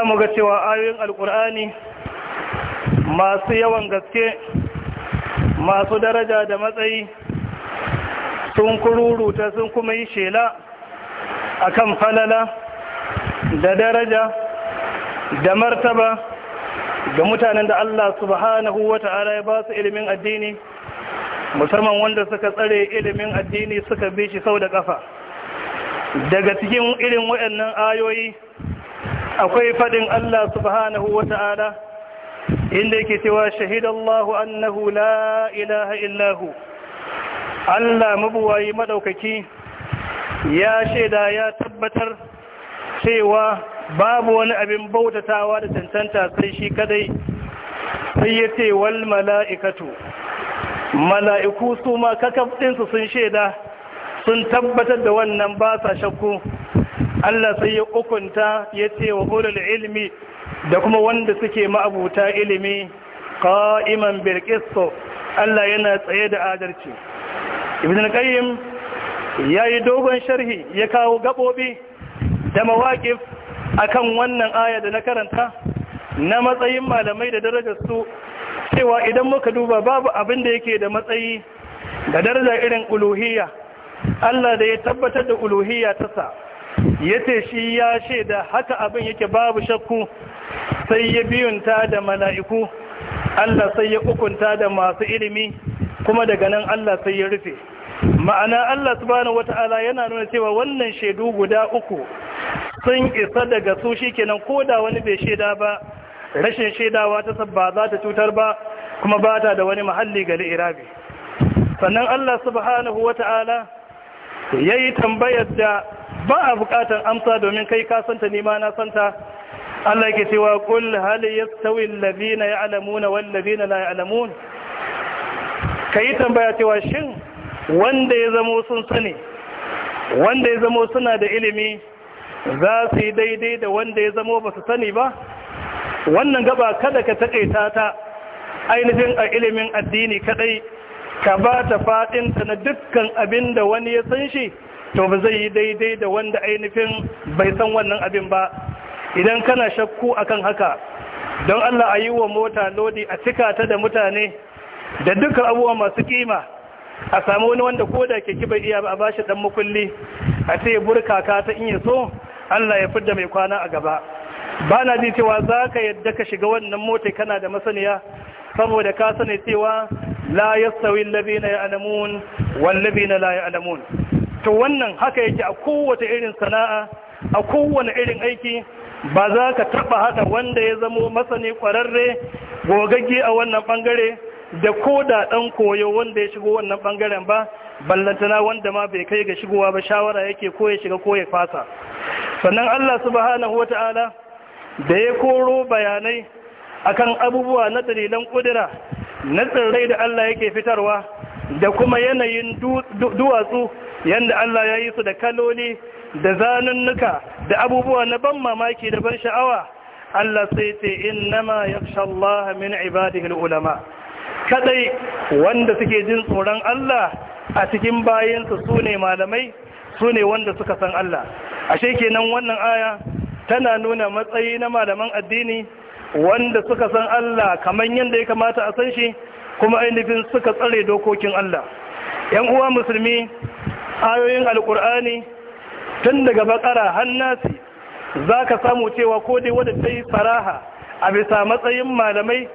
mu ga cewa ayoyin alkur'ani masu yawan gaske masu daraja da matsayi sun kururuta sun kuma yi shela a kan falala da daraja da martaba ga mutanen da Allah subhanahu wa ta'ala ya ba su ilimin addini musamman wanda suka tsare ilimin addini suka bi shi sau da kafa daga cikin irin waɗannan ayoyi akwai fadin Allah subhanahu wa ta'ala inda yake cewa shahidallahu annahu la ilaha illahu Allah mabuwayi madaukaki ya shaida ya tabbatar cewa babu wani abin bautatawa da tantanta sai shi kadai sai ya ce wal mala'ikatu mala'iku su ma kakaf ɗinsu sun shaida sun tabbatar da wannan ba sa shakku Allah sai ya hukunta ya ce wa ulul ilmi da kuma wanda suke ma'abuta ilimi qa'iman bil Allah yana tsaye da adalci Ibn al-Qayyim yayi dogon sharhi ya kawo gabobi da a kan wannan aya da na karanta na matsayin malamai da darajar su cewa idan muka duba babu abin da yake da matsayi da darajar irin uluhiyya Allah da ya tabbatar da uluhiyya ta sa yace shi ya da haka abin yake babu shakku sai ya biyunta da mala'iku Allah sai ya ukunta da masu ilimi kuma daga nan Allah sai ya rufe ma'ana Allah subhanahu wata'ala yana nuna cewa wannan shaidu guda uku sun isa daga su shi ko da wani bai shaida ba rashin shaidawa ta sabba za ta cutar ba kuma ba ta da wani mahalli ga irabi sannan Allah subhanahu wata'ala yayi tambayar da ba a bukatar amsa domin kai ka santa ni ma na santa Allah yake cewa qul hal yastawi alladhina ya'lamuna wal ladhina la ya'lamun kai tambaya cewa shin wanda ya zamo sun sani wanda ya zamo suna da ilimi za su yi daidai da wanda ya zamo ba su sani ba wannan gaba kada ka taƙaita ta ainihin a ilimin addini kadai ka ba ta faɗinta na dukkan abinda wani ya san shi to ba zai yi daidai da wanda ainihin bai san wannan abin ba idan kana shakku akan haka don Allah a yi wa mota lodi a cika ta da mutane da dukkan abubuwa masu kima a samu wani wanda ko da keke bai iya a bashi dan makulli a ce burka ka ta in so Allah ya fidda mai kwana a gaba ba na ji cewa za ka yadda ka shiga wannan mota kana da masaniya saboda ka sani cewa la yastawi allazina ya'lamun wal ladina la ya'lamun to wannan haka yake a kowace irin sana'a a kowane irin aiki ba za ka taba haka wanda ya zamo masani kwararre gogagge a wannan bangare da ko da dan koyo wanda ya shigo wannan bangaren ba ballantana wanda ma bai kai ga shigowa ba shawara yake ko ya shiga ko ya fasa sannan Allah subhanahu wata'ala da ya koro bayanai akan abubuwa na dalilan kudura na tsirrai da Allah yake fitarwa da kuma yanayin duwatsu yadda Allah ya yi su da kaloli da zanunnuka da abubuwa na ban mamaki da ban sha'awa Allah sai ce innama yakhsha Allah min ibadihi ulama kadai wanda suke jin tsoron Allah a cikin su sune malamai sune wanda suka san Allah ashe kenan wannan aya tana nuna matsayi na malaman addini wanda suka san Allah kaman yadda ya kamata a san shi kuma ainihin suka tsare dokokin Allah yan uwa musulmi ayoyin alkur'ani tun daga bakara hannasi za ka samu cewa ko dai wadda ta yi faraha a bisa matsayin malamai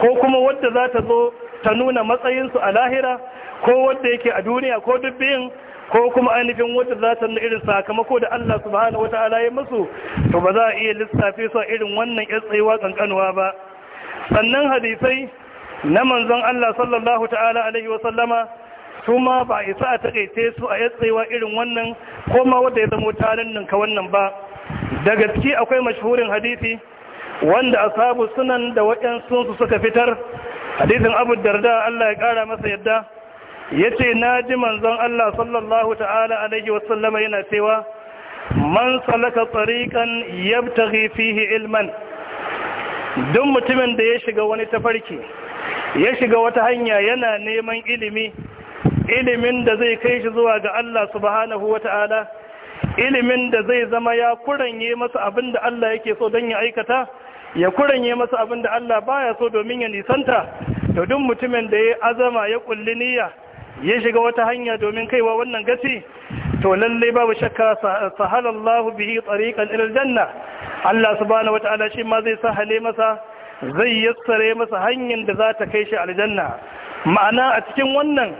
ko kuma wadda za ta zo ta nuna matsayinsu a lahira ko wadda yake a duniya ko dubbin ko kuma ainihin wadda za ta nuna irin sakamako da Allah subhanahu wata'ala ya musu to ba za a iya lissafe su irin wannan yan tsayuwa kankanuwa ba sannan hadisai na manzon Allah sallallahu ta'ala alaihi wasallama su ma ba isa a takaice su a yatsewa irin wannan ko ma wanda ya zamo talin ninka wannan ba da gaske akwai mashhurin hadisi wanda asabu sunan da waɗansu su suka fitar hadisin abu darda Allah ya ƙara masa yadda ya ce na ji manzon Allah sallallahu ta'ala alaihi wasallama yana cewa man salaka tsarikan yabtaghi fihi ilman duk mutumin da ya shiga wani tafarki ya shiga wata hanya yana neman ilimi ilimin da zai kai shi zuwa ga Allah subhanahu wata'ala ilimin da zai zama ya kuranye masa abin da Allah yake so don ya aikata ya kuranye masa abin da Allah baya so domin ya nisanta to duk mutumin da ya azama ya kulli niyya ya shiga wata hanya domin kaiwa wannan gaci to lalle babu shakka sahalallahu bihi tariqan ila aljanna Allah subhanahu wata'ala shi ma zai sahale masa zai yassare masa hanyar da za ta kai shi aljanna ma'ana a cikin wannan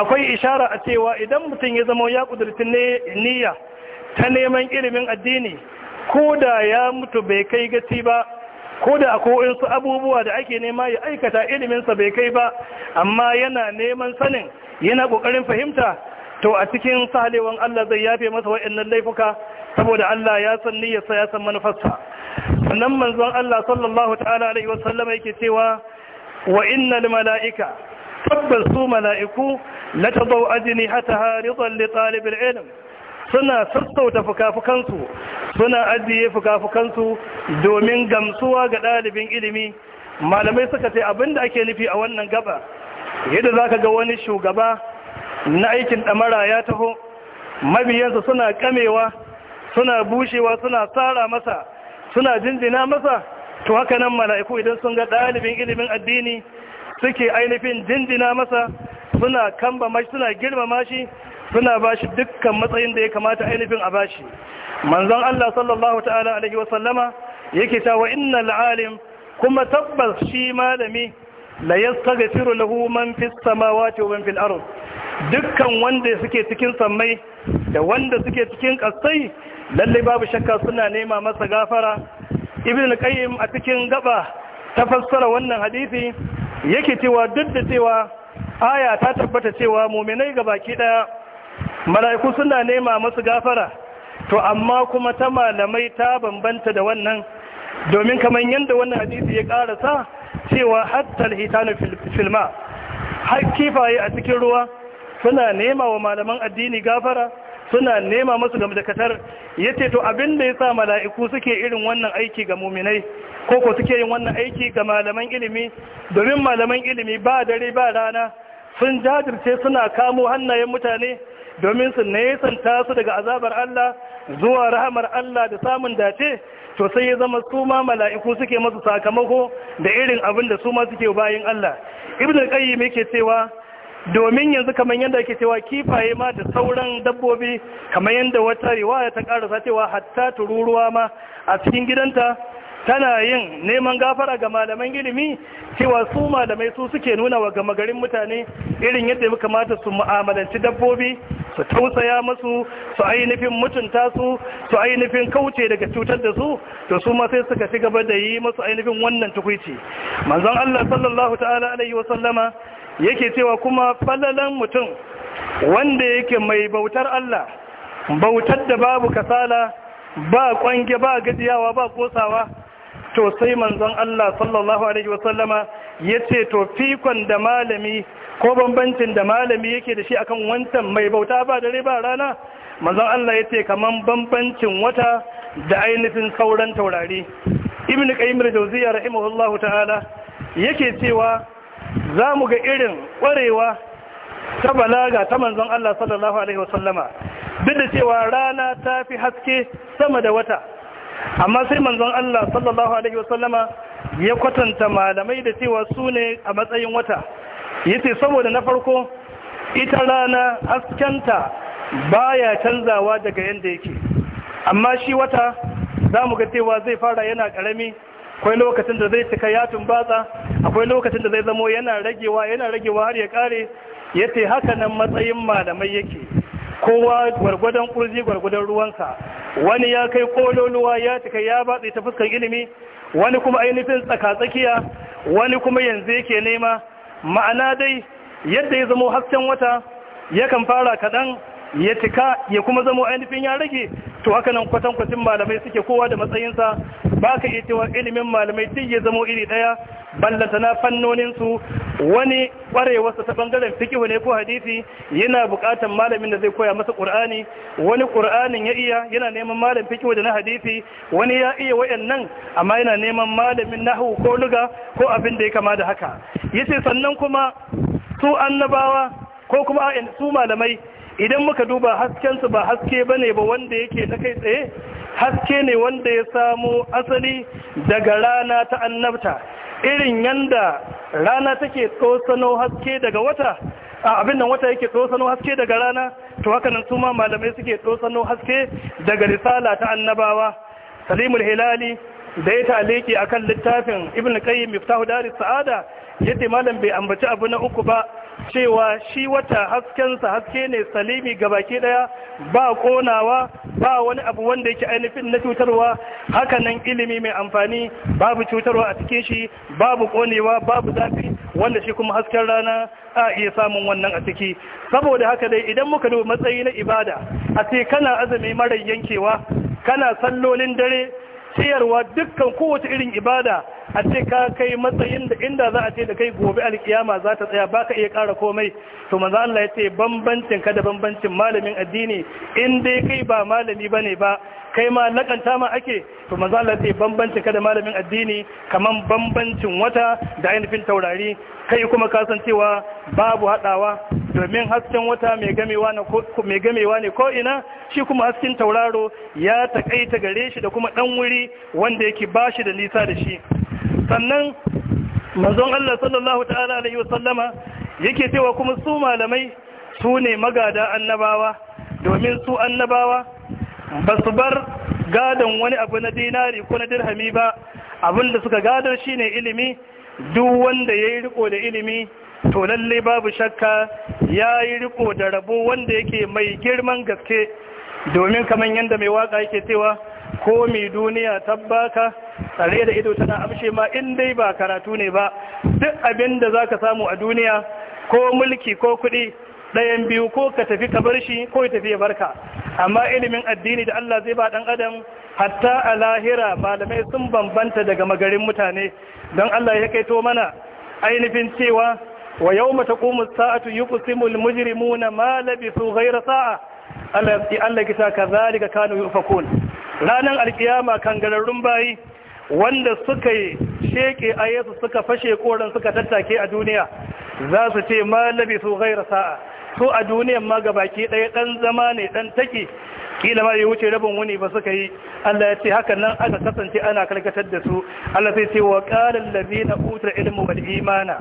akwai ishara a cewa idan mutum ya zama ya kudurci niyya ta neman ilimin addini ko da ya mutu bai kai gaci ba ko da akwai su abubuwa da ake nema ya aikata iliminsa bai kai ba amma yana neman sanin yana kokarin fahimta to a cikin sahalewan Allah zai yafe masa wa'annan laifuka saboda Allah ya san niyyarsa ya san manufarsa sannan manzon Allah sallallahu ta'ala alaihi wasallam yake cewa wa innal mala'ika tabbas su mala'iku la tadau hatta ridan li talib al-ilm suna sassauta fukafukansu suna ajiye fukafukansu domin gamsuwa ga ɗalibin ilimi malamai suka ce abinda ake nufi a wannan gaba yadda za ka ga wani shugaba na aikin ɗamara ya taho mabiyansa suna kamewa suna bushewa suna tsara masa suna jinjina masa to haka nan mala'iku idan sun ga ɗalibin ilimin addini suke ainihin jinjina masa suna kamba mashi suna girmama shi suna ba shi dukkan matsayin da ya kamata ainihin a bashi manzon Allah sallallahu ta'ala alaihi wa sallama yake cewa innal alim kuma tabbas shi malami la yastaghfiru lahu man fis samawati wa man fil dukkan wanda suke cikin sammai da wanda suke cikin kasai lalle babu shakka suna nema masa gafara ibn qayyim a cikin gaba ta fassara wannan hadisi yake cewa duk da cewa aya ta tabbata cewa mu'minai ga baki daya mala'iku suna nema masa gafara to amma kuma ta malamai ta bambanta da wannan domin kamar yadda wannan hadisi ya karasa cewa hatta na filma har kifaye a cikin ruwa suna nema wa malaman addini gafara suna nema masu game da katar ya ce to abin da ya sa mala'iku suke irin wannan aiki ga muminai ko ko suke yin wannan aiki ga malaman ilimi domin malaman ilimi ba dare ba rana sun jajirce suna kamo hannayen mutane domin su nesanta su daga azabar Allah zuwa rahamar Allah da samun dace to sai ya zama su ma mala'iku suke masu sakamako da irin abin da su ma suke bayan Allah ibn qayyim yake cewa domin yanzu kamar yadda ake cewa kifaye ma da sauran dabbobi kamar yadda wata riwaya ta karasa cewa hatta tururuwa ma a cikin gidanta tana yin neman gafara ga malaman ilimi cewa su malamai su suke nuna wa gama garin mutane irin yadda ya kamata su mu'amalanci dabbobi su tausaya masu su ainihin mutunta su su ainihin kauce daga cutar da su to su ma sai suka ci gaba da yi masu ainihin wannan tukwici manzon Allah sallallahu ta'ala alaihi wa sallama yake cewa kuma falalan mutum wanda yake mai bautar Allah bautar da babu kasala ba kwange ba gajiyawa ba kosawa to sai manzon Allah sallallahu alaihi wasallama yace to fikon da malami ko bambancin da malami yake da shi akan wancan mai bauta ba dare ba rana manzon Allah yace kaman bambancin wata da ainihin sauran taurari ibn qayyim al-jawziyya rahimahullahu ta'ala yake cewa zamu ga irin kwarewa ta balaga ta manzon Allah sallallahu alaihi wasallama duk da cewa rana ta fi haske sama da wata amma sai manzon Allah sallallahu alaihi wasallama ya kwatanta malamai da cewa su ne a matsayin wata yace saboda na farko ita rana askanta baya canzawa daga yanda yake amma shi wata zamu ga cewa zai fara yana karami akwai lokacin da zai cika yatun batsa akwai lokacin da zai zamo yana ragewa yana ragewa har ya kare yace haka nan matsayin malamai yake kowa gwargwadon kurji gwargwadon ruwansa wani ya kai kololuwa ya cika ya batse ta fuskar ilimi wani kuma ainihin tsakatsakiya wani kuma yanzu yake nema ma'ana dai yadda ya zamo hasken wata yakan fara kaɗan ya cika ya kuma zama ainihin ya rage to haka nan kwatankwacin malamai suke kowa da matsayinsa ba ka iya cewa ilimin malamai duk ya zama iri ɗaya ballata na fannoninsu wani ƙwarewarsa ta ɓangaren fikihu ne ko hadisi yana buƙatar malamin da zai koya masa ƙur'ani wani ƙur'anin ya iya yana neman malam fikihu da na hadisi wani ya iya wayannan amma yana neman malamin nahu ko luga ko abin da ya kama da haka yace sannan kuma su annabawa ko kuma su malamai idan muka duba haskensu ba haske ba ne ba wanda yake na kai tsaye haske ne wanda ya samo asali daga rana ta annabta irin yanda rana take tsosano haske daga wata abin nan wata yake tsosano haske daga rana to haka nan su ma malamai suke tsosano haske daga risala ta annabawa salimul hilali da ya taliki akan littafin ibn qayyim miftahu daris sa'ada yadda malam bai ambaci abu na uku ba cewa shi wata haskensa haske ne salimi ga baki daya ba konawa ba wani abu wanda yake ainihin na cutarwa hakanan ilimi mai amfani babu cutarwa a cikin shi babu konewa babu zafi wanda shi kuma hasken rana a iya samun wannan a ciki saboda haka dai idan muka duba matsayi na ibada a ce kana azumi mara yankewa kana sallolin dare ciyarwa dukkan kowace irin ibada a ce ka kai matsayin da inda za a ce da kai gobe alkiyama za ta tsaya baka iya kara komai to manzo Allah ya bambancin ka da bambancin malamin addini in dai kai ba malami bane ba kai ma lakanta ma ake to manzo Allah ya bambancin ka da malamin addini kamar bambancin wata da ainihin taurari kai kuma kasancewa babu hadawa domin hasken wata mai gamewa ne ko ina shi kuma hasken tauraro ya takaita gare shi da kuma dan wuri wanda yake bashi da nisa da shi sannan manzon Allah sallallahu ta'ala alaihi wasallama yake cewa kuma su malamai su ne magada annabawa domin su annabawa ba su bar gadon wani abu na dinari ko na dirhami ba da suka gadar shine ilimi duk wanda ya yi riko da ilimi to lalle babu shakka ya yi riko da rabo wanda yake mai girman gaske domin kamar yadda mai waka yake cewa ko mai duniya tabbaka tsare da ido tana amshe ma in dai ba karatu ne ba duk abin da za ka samu a duniya ko mulki ko kuɗi ɗayan biyu ko ka tafi ka bar shi ko ya tafi ya barka amma ilimin addini da Allah zai ba ɗan adam hatta a lahira malamai sun bambanta daga magarin mutane don Allah ya kaito mana ainihin cewa wa yau mata ƙumus sa'atu yi kusimul mujirimu na malabi su gaira sa'a Allah ya kisa ka zalika kanu yi ufakun ranar alkiyama kangararrun bayi wanda suka yi sheke a yesu suka fashe koren suka tattake a duniya za su ce malabi su gaira sa'a su a duniyan ma gabaki ɗaya ɗan zama ne ɗan take kila ma ya wuce rabin wuni ba suka yi Allah ya ce hakan nan aka kasance ana karkatar da su Allah sai ce wa qalan na utul ilmu wal imana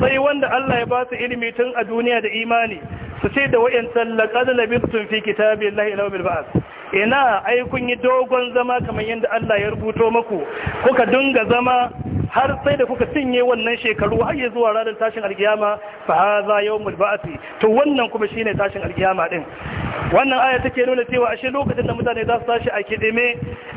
sai wanda Allah ya ba su ilimi tun a duniya da imani su ce da wayan tallaqad labithum fi kitabillahi ila bil ba'th ina ai kun yi dogon zama kamar yadda Allah ya rubuto muku kuka dinga zama har sai da kuka cinye wannan shekaru har ya zuwa ranar tashin alkiyama fa hadha yawmul ba'thi to wannan kuma shine tashin alkiyama din wannan aya take nuna cewa ashe lokacin da mutane za su tashi a kidime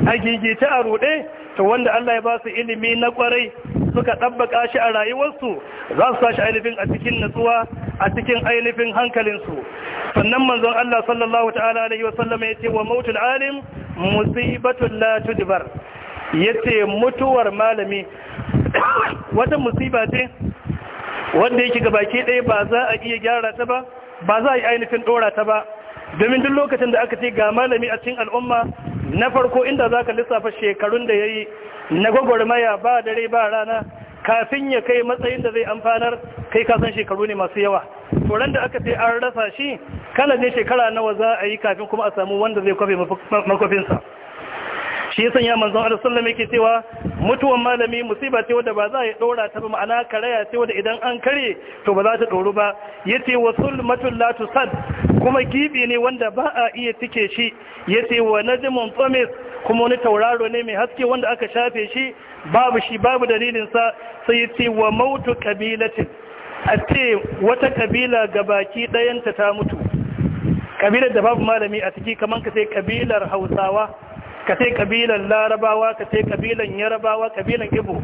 a gigice a rude to wanda Allah ya ba su ilimi na kwarai suka dabbaka shi a rayuwarsu za su tashi ainihin a cikin natsuwa a cikin ainihin hankalinsu sannan manzon Allah sallallahu ta'ala alaihi wasallam ya ce wa mautul alim musibatul la tudbar yace mutuwar malami wata musiba ce wanda yake baki ɗaya ba za a iya gyara ta ba ba za a yi ainihin ɗora ta ba domin duk lokacin da aka ce ga malami a cikin al'umma na farko inda za ka lissafa shekarun da ya yi na gwagwarmaya ba dare ba rana kafin ya kai matsayin da zai amfanar kai kasan shekaru ne masu yawa turan da aka ce an rasa shi kana ne shekara nawa za a yi kafin kuma a samu wanda zai kwafe makwafinsa? shi yasan ya manzon alisallam yake cewa mutuwan malami musiba ce wadda ba za a dora ta ba ma'ana karaya ce wadda idan an kare to ba za ta doru ba yace wa sulmatun la tusad kuma gibi ne wanda ba a iya tike shi yace wa najmun tamis kuma wani tauraro ne mai haske wanda aka shafe shi babu shi babu dalilin sa sai yace wa mautu kabilatin a ce wata kabila gabaki ɗayanta ta mutu kabilar da babu malami a ciki kamar ka sai kabilar Hausawa ka sai kabilan larabawa ka sai kabilan yarabawa kabilan ibo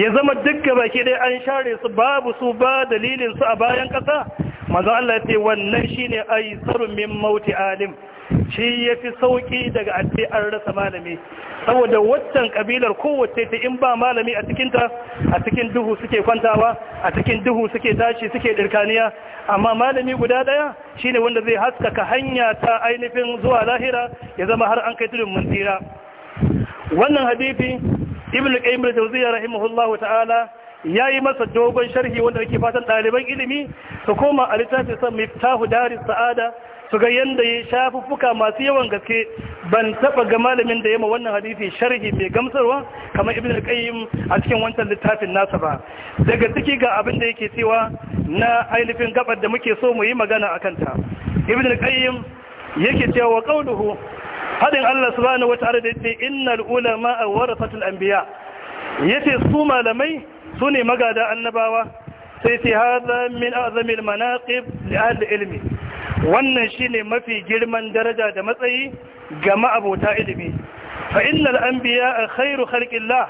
ya zama dukka baki dai an share su babu su ba dalilin su a bayan kasa Maza Allah ya ce wannan shine aisarun min mauti alim shi ya fi sauƙi daga adde an rasa malami saboda waccan ƙabilar kowace ta in ba malami a cikinta a cikin duhu suke kwantawa a cikin duhu suke tashi suke ɗirkaniya amma malami guda ɗaya shi ne wanda zai haskaka hanya ta ainihin zuwa lahira ya zama har an kai tudun mun wannan hadithi ibn qayyim rahimahullahu ta'ala ya yi masa dogon sharhi wanda ake fatan ɗaliban ilimi su koma a littafin san miftahu darin sa'ada su ga yadda ya shafi fuka masu yawan gaske ban taɓa ga malamin da ya ma wannan hadisi sharhi mai gamsarwa kamar ibn al-qayyim a cikin wancan littafin nasa ba daga ciki ga abin da yake cewa na ainihin gabar da muke so mu yi magana a kanta ibn al-qayyim yake cewa wa ƙaunuhu hadin Allah subhanahu wa ta'ala da yace innal ulama warathatul anbiya yace su malamai su ne magada annabawa sai ce haza min azamil manaqib li ahli ilmi wannan shine mafi girman daraja da matsayi ga ma'abota ilimi fa an biya khairu khalqillah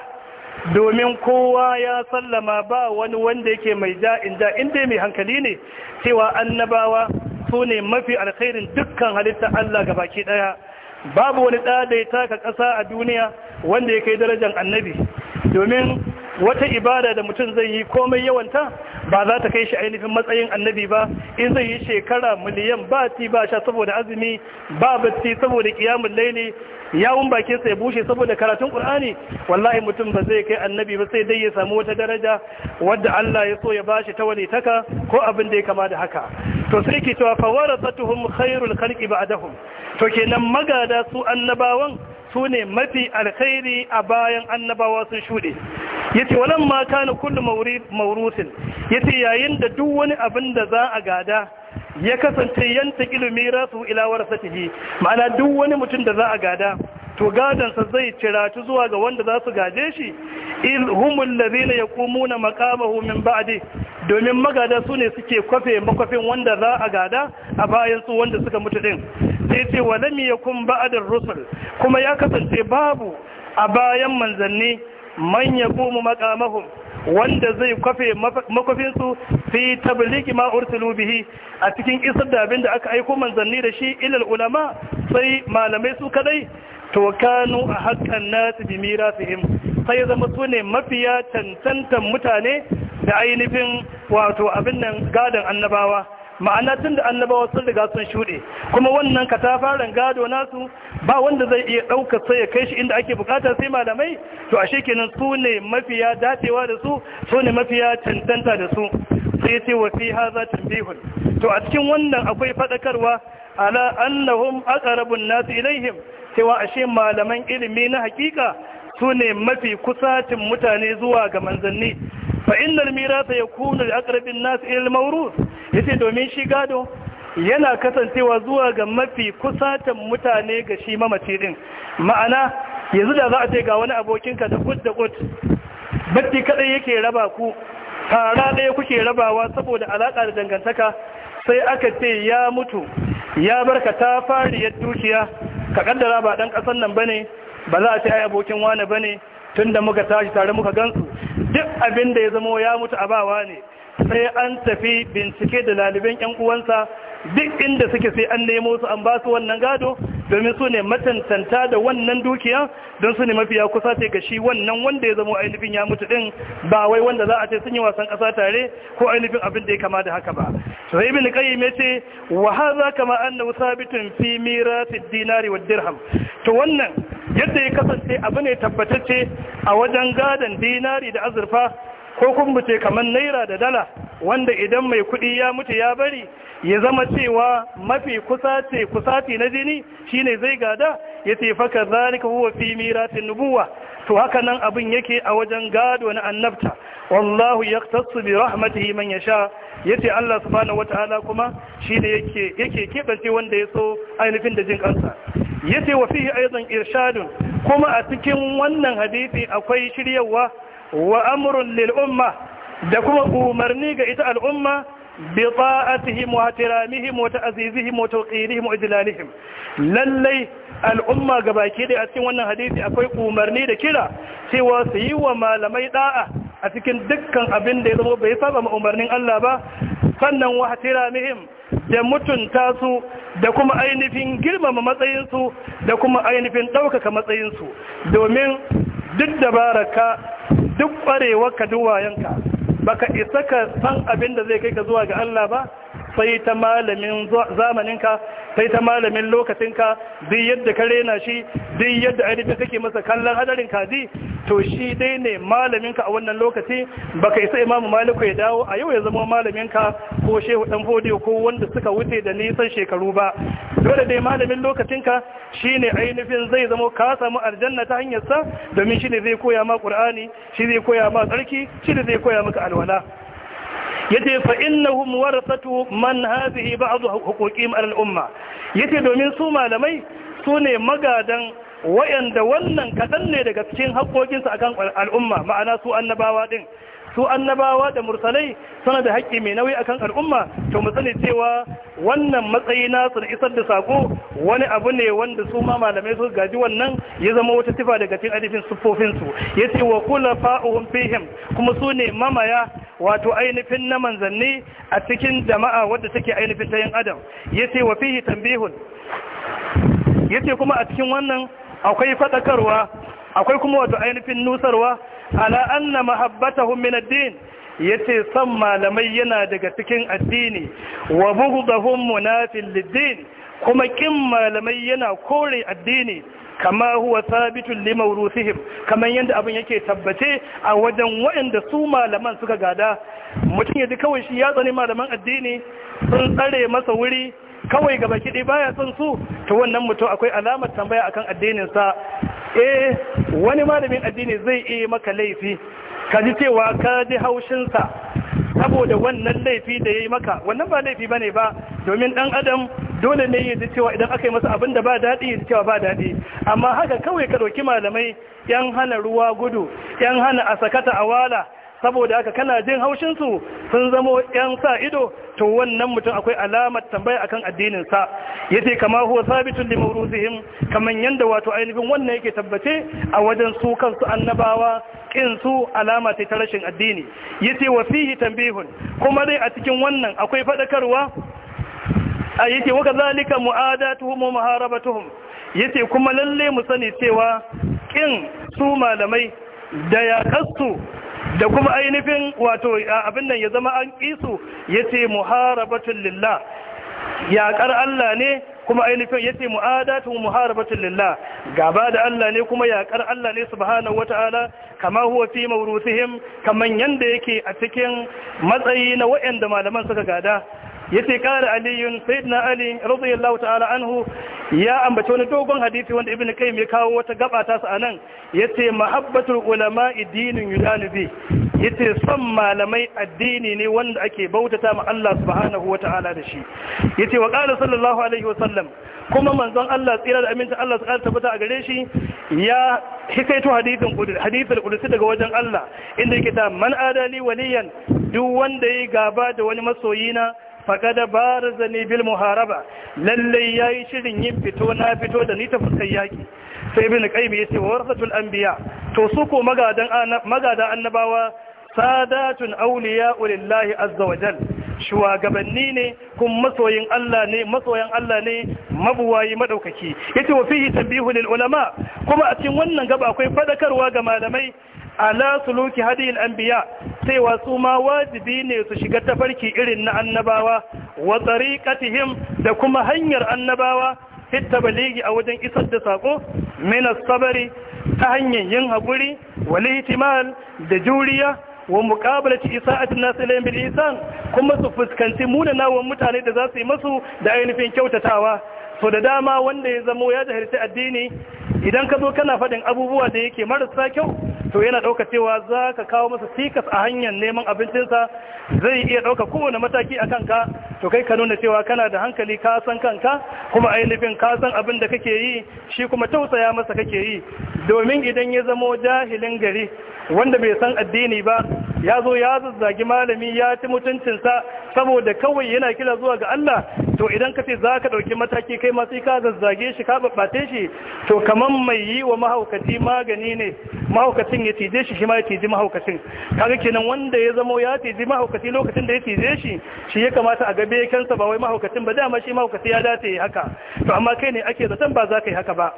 domin kowa ya sallama ba wani wanda yake mai da'in da inda mai hankali ne cewa annabawa su ne mafi alkhairin dukkan halitta Allah ga baki daya babu wani ɗa da ya taka ƙasa a duniya wanda ya kai darajar annabi domin wata ibada da mutum zai yi komai yawanta ba za ta kai shi ainihin matsayin annabi ba in zai yi shekara miliyan ba ti ba sha saboda azumi ba batti saboda kiyamun laili yawun bakin ya bushe saboda karatun qur'ani wallahi mutum ba zai kai annabi ba sai dai ya samu wata daraja wadda Allah ya so ya bashi ta wani taka ko abin da ya kama da haka to sai ke cewa fawaratuhum khairul khalqi ba'dahum to kenan magada su annabawan su ne mafi alkhairi a bayan annabawa sun shuɗe yace walan ma kullum kullu ya yace yayin da duk wani abin da za a gada ya kasance yanta ilimi rasu ilawar warasatihi ma'ana duk wani mutum da za a gada to gadansa zai ciratu zuwa ga wanda za su gaje shi il humul ladhina yaqumuna maqamahu min ba'di domin magada su ne suke kwafe makwafin wanda za a gada a bayan su wanda suka mutu din sai ce wa lam yakun ba'da rusul kuma ya kasance babu a bayan manzanni man yaqumu maqamahum wanda zai kwafe makwafinsu fi tabliki ma urtulu bihi a cikin isar da abin da aka aiko manzanni da shi ilal ulama sai malamai su kadai to kanu a haƙƙan nasu bi mirasihim sai zama su ne mafiya cancantan mutane da ainihin wato abin nan gadon annabawa ma'ana tun da annabawa sun riga sun shuɗe kuma wannan katafaren gado nasu ba wanda zai iya ɗaukar sai ya kai shi inda ake bukata sai malamai to ashe kenan su ne mafiya dacewa da su su ne mafiya cancanta da su sai ce wa fi haza tambihun to a cikin wannan akwai faɗakarwa ala annahum aqrabun nas ilaihim cewa ashe malaman ilimi na hakika su ne mafi kusatin mutane zuwa ga manzanni fa innal mirasa yakunu li aqrabin nas ilal mawruth yace domin shi gado yana kasancewa zuwa ga mafi kusatan mutane ga shi mamaci din ma'ana yanzu da za a ce ga wani abokinka da kud da kud bacci kadai yake raba ku tara ɗaya kuke rabawa saboda alaka da dangantaka sai aka ce ya mutu ya barka ta fari ya dukiya ka kaddara ba ɗan ƙasan nan bane ba za a ce ai abokin wani bane tunda muka tashi tare muka gansu duk abin da ya zama ya mutu a bawa ne sai an tafi bincike da laliban ƴan uwansa duk inda suke sai an nemo su an ba su wannan gado domin su ne matantanta da wannan dukiya don su ne mafiya kusa ce ga shi wannan wanda ya zama ainihin ya mutu din ba wai wanda za a ce sun yi wasan ƙasa tare ko ainihin abin da ya kama da haka ba to ibn qayyim ce wa hadha kama annahu sabitun fi mirathi dinari wa dirham to wannan yadda ya kasance abu ne tabbatacce a wajen gadon dinari da azurfa ko kuma ce kamar naira da dala wanda idan mai kuɗi ya mutu ya bari ya zama cewa mafi kusace kusace na jini shine zai gada ya ce faka zalika huwa fi miratin nubuwa to haka nan abin yake a wajen gado na annabta wallahu yaqtasu bi rahmatihi man yasha yace Allah subhanahu wataala kuma shine yake yake kebance wanda so ainihin da jin kansa yace wa fihi aidan irshadun kuma a cikin wannan hadisi akwai shiryawa wa amrun lil umma da kuma umarni ga ita al'umma bi ta'atihim wa ihtiramihim wa ta'zizihim wa tawqirihim wa ijlalihim lallai al'umma baki da a cikin wannan hadisi akwai umarni da kira cewa su yi wa malamai da'a a cikin dukkan abin da ya zama bai saba ma umarnin Allah ba sannan wa tiramihim da mutunta su da kuma ainihin girmama matsayin su da kuma ainihin ɗaukaka su domin duk dabaraka duk ƙwarewar ka duwayenka ka isa ka san abin da zai kai ka zuwa ga Allah ba sai ta malamin zamaninka sai ta malamin lokacinka duk yadda ka rena shi duk yadda ainihin kake masa kallon hadarin kaji to shi dai ne malaminka a wannan lokaci baka isa imamu maliku ya dawo a yau ya zama malaminka ko shehu dan fodiyo ko wanda suka wuce da nisan shekaru ba dole dai malamin lokacinka shine ainihin zai zama ka samu aljanna ta hanyarsa domin shi ne zai koya ma ƙur'ani shi zai koya ma tsarki shi ne zai koya maka alwala yace fa innahum warasatu man hadhihi ba'd huquqihim al umma yace domin su malamai su ne magadan wayanda wannan kadan ne daga cikin haƙoƙinsu akan al'umma ma'ana su annabawa din su annabawa da mursalai suna da haƙƙi mai nauyi akan al'umma to mu sani cewa wannan matsayi na su da isar da sako wani abu ne wanda su ma malamai su gaji wannan ya zama wata tifa daga cikin adifin siffofin su yace wa kula fa'uhum fihim kuma su ne mamaya wato ainihin na manzanni a cikin jama'a wadda take ainihin ta yin adam yace wa fihi tanbihun yace kuma a cikin wannan akwai fadakarwa akwai kuma wato ainihin nusarwa ala anna mahabbatahum min ad-din yace san malamai yana daga cikin addini wa bughdahum munafil lid-din kuma kin malamai yana kore addini kama huwa sabitun li mawruthihim kaman yanda abin yake tabbace a wajen waɗanda su malaman suka gada mutum yaji kawai shi ya tsani malaman addini sun tsare masa wuri kawai gaba kidi baya son su to wannan mutum akwai alamar tambaya akan addinin sa eh wani malamin addini zai iya maka laifi ka ji cewa ka ji haushinsa saboda wannan laifi da ya yi maka wannan ba laifi ba ne ba domin ɗan adam dole ne ya ji cewa idan aka yi masa abin da ba daɗi ya ji cewa ba daɗi amma haka kawai ka ɗauki malamai yan hana ruwa gudu yan hana a sakata a wala saboda haka kana jin haushinsu sun zamo ‘yan sa ido to wannan mutum akwai alamar tambaya akan addininsa ya ce kama huwa sabitun da mauruzihim kamar yadda wato ainihin wannan yake tabbace a wajen su kansu annabawa su alama ce ta rashin addini ya ce wa fihi tambihun kuma dai a cikin wannan akwai faɗakarwa a yake waka zalika mu'adatuhum wa muharabatuhum yace kuma lalle mu sani cewa kin su malamai da yakarsu da kuma ainihin wato abin nan ya zama an kisu yace muharabatul lillah yaƙar Allah ne kuma ainihin ya ce mu'adatu muharabatun lillah gaba da Allah ne kuma yaƙar Allah ne subhanahu wata'ala kama huwa fi mawrusihim kaman yanda yake a cikin matsayi na waɗanda malaman suka gada yace kare aliyun sayyidina ali radiyallahu ta'ala anhu ya ambace wani dogon hadisi wanda ibnu kayyim ya kawo wata gaba ta nan. anan yace mahabbatul ulama idinin yudanu yace son malamai addini ne wanda ake bautata ma Allah subhanahu wata'ala da shi yace wa qala sallallahu alaihi wasallam kuma manzon Allah tsira da aminta Allah ta tabbata a gare shi ya hikaito hadithin qudus hadithul daga wajen Allah inda yake ta man adali waliyan duk wanda yayi gaba da wani masoyina faqad zane bil muharaba lalle yayi shirin yin fito na fito da ni ta fuskar yaki sai ibn qayyim yace an biya, to su ko magadan magada annabawa sadatun awliya ulillahi azza shugabanni ne kun masoyin Allah ne masoyan Allah ne mabuwayi madaukaki yace wa fihi tabihu lil ulama kuma a cikin wannan gaba akwai fadakarwa ga malamai ala suluki an anbiya wa su ma wajibi ne su shiga tafarki irin na annabawa wa tariqatihim da kuma hanyar annabawa fit tabligi a wajen isar da sako min as ta hanyar yin hakuri wal ihtimal da juriya wa muqabalati isa'atin nas ilayhim bil ihsan kuma su fuskanci munanawan mutane da za su yi masu da ainihin kyautatawa so da dama wanda ya zama ya jahilci addini idan ka zo kana faɗin abubuwa da yake marasa kyau to yana ɗauka cewa za ka kawo masa cikas a hanyar neman abincinsa zai iya ɗauka kowane mataki a kanka to kai ka nuna cewa kana da hankali ka san kanka kuma ainihin ka san abin da kake yi shi kuma tausaya masa kake yi domin idan ya zamo jahilin gari wanda bai san addini ba ya zo ya zazzagi malami ya ci mutuncinsa saboda kawai yana kira zuwa ga Allah to idan ka ce za ka ɗauki mataki kai masu yi ka zazzage shi ka babbate shi to kamar kaman mai yi wa mahaukaci magani ne mahaukacin ya cije shi shi ma ya cije mahaukacin kaga kenan wanda ya zama ya cije mahaukaci lokacin da ya cije shi shi ya kamata a gabe kansa ba wai mahaukacin ba dama shi mahaukaci ya dace haka to amma kai ne ake zaton ba za ka yi haka ba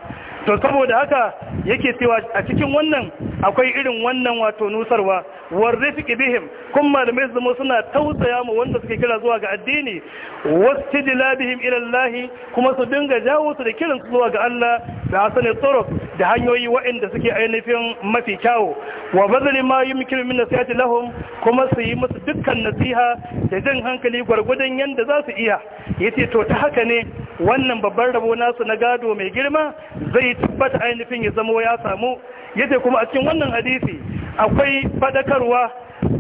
to saboda haka yake cewa a cikin wannan akwai irin wannan wato nusarwa warrifiki bihim kun malamai zama suna tausaya mu wanda suke kira zuwa ga addini Wasu tijila bihim ilallahi kuma su dinga jawo su da kiran su zuwa ga Allah da hasanin tsorof da hanyoyi waɗanda suke ainihin mafi kyawu. wa bazali ma yi mikin min nasihati lahum kuma su yi musu dukkan nasiha da jan hankali gwargwadon yadda za su iya yace to ta haka ne wannan babban rabo nasu na gado mai girma zai tabbata ainihin ya zamo ya samu yace kuma a cikin wannan hadisi akwai fadakarwa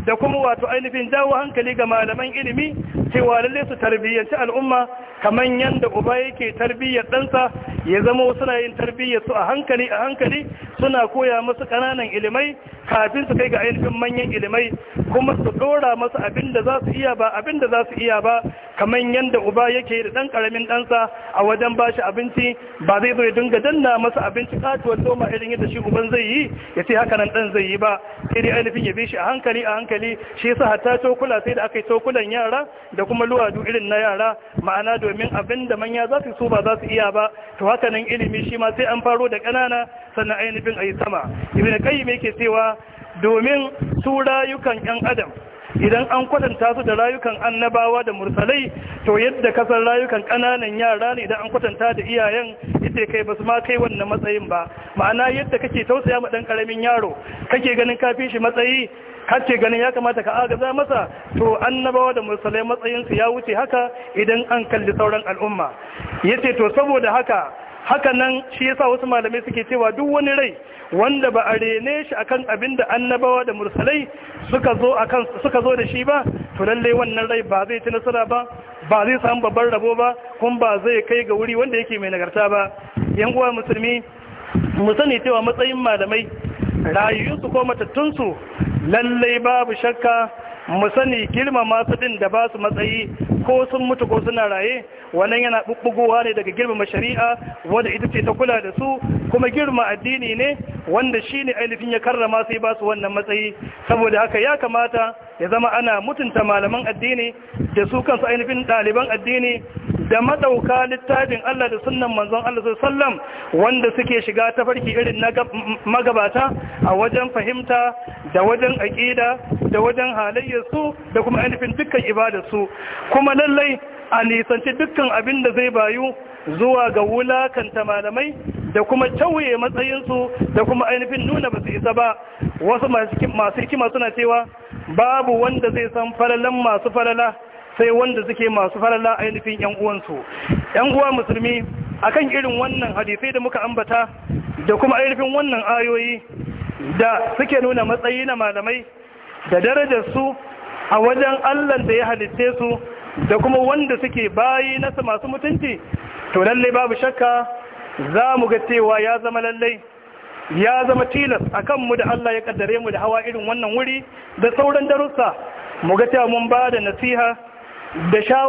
da kuma wato ainihin jawo hankali ga malaman ilimi cewa lalle su tarbiyyanci al'umma kamar yanda uba yake tarbiyyar ɗansa ya zama suna yin tarbiyyar su a hankali a hankali suna koya masu ƙananan ilimai kafin su kai ga ainihin manyan ilimai kuma su ɗora masu abin da ba abin da za su iya ba kamar yadda uba yake da ɗan ƙaramin ɗansa a wajen ba shi abinci ba zai zo ya dinga danna masa abinci katuwa ma irin yadda shi uban zai yi ya ce haka nan ɗan zai yi ba sai dai ainihin ya bi shi a hankali a hankali shi yasa hatta cokula sai da aka yi cokulan yara da kuma luwadu irin na yara ma'ana domin abin da manya za su so ba za su iya ba to haka nan ilimi shi ma sai an faro da ƙanana sannan ainihin a yi sama kai qayyim ke cewa domin su rayukan 'yan adam idan an kwatanta su da rayukan annabawa da mursalai to yadda kasar rayukan kananan yara ne idan an kwatanta da iyayen ita kai basu ma kai wannan matsayin ba ma'ana yadda kake tausaya ma dan karamin yaro kake ganin kafin shi matsayi kake ganin ya kamata ka agaza masa to annabawa da mursalai matsayin su ya wuce haka idan an kalli sauran al'umma yace to saboda haka haka nan shi yasa wasu malamai suke cewa duk wani rai wanda ba a rene shi akan abin da annabawa da mursalai suka zo akan suka zo da shi ba to lalle wannan rai ba zai ci nasara ba ba zai samu babban rabo ba kuma ba zai kai ga wuri wanda yake mai nagarta ba yan uwa musulmi mu sani cewa matsayin malamai su ko matattunsu lallai babu shakka mu sani girmama su din da ba su matsayi ko sun mutu ko suna raye wannan yana bubbugowa ne daga girmama shari'a wanda ita ce ta kula da su kuma girma addini ne wanda shi ne ainihin ya karrama sai ba su wannan matsayi saboda haka ya kamata ya zama ana mutunta malaman addini da su kansu ainihin ɗaliban addini da madauka littafin Allah da sunnan manzon Allah sallam wanda suke shiga tafarki irin na magabata a wajen fahimta da wajen aƙida da wajen halayyarsu da kuma ainihin dukkan ibadarsu kuma lallai a nisanci dukkan abin da zai bayu zuwa ga wulakanta malamai da kuma tauye matsayinsu da kuma ainihin nuna ba su isa ba wasu masu hikima suna cewa babu wanda zai san falalan masu falala sai wanda suke masu falala ainihin yan uwansu yan uwa musulmi akan irin wannan hadisai da muka ambata da kuma ainihin wannan ayoyi da suke nuna matsayi na malamai da darajarsu a wajen Allah da ya halitte su da kuma wanda suke bayi nasa masu mutunci to lallai babu shakka za mu ga cewa ya zama lallai ya zama tilas a kanmu da Allah ya kaddare mu da hawa irin wannan wuri da sauran darussa mu ga cewa mun ba da nasiha da sha.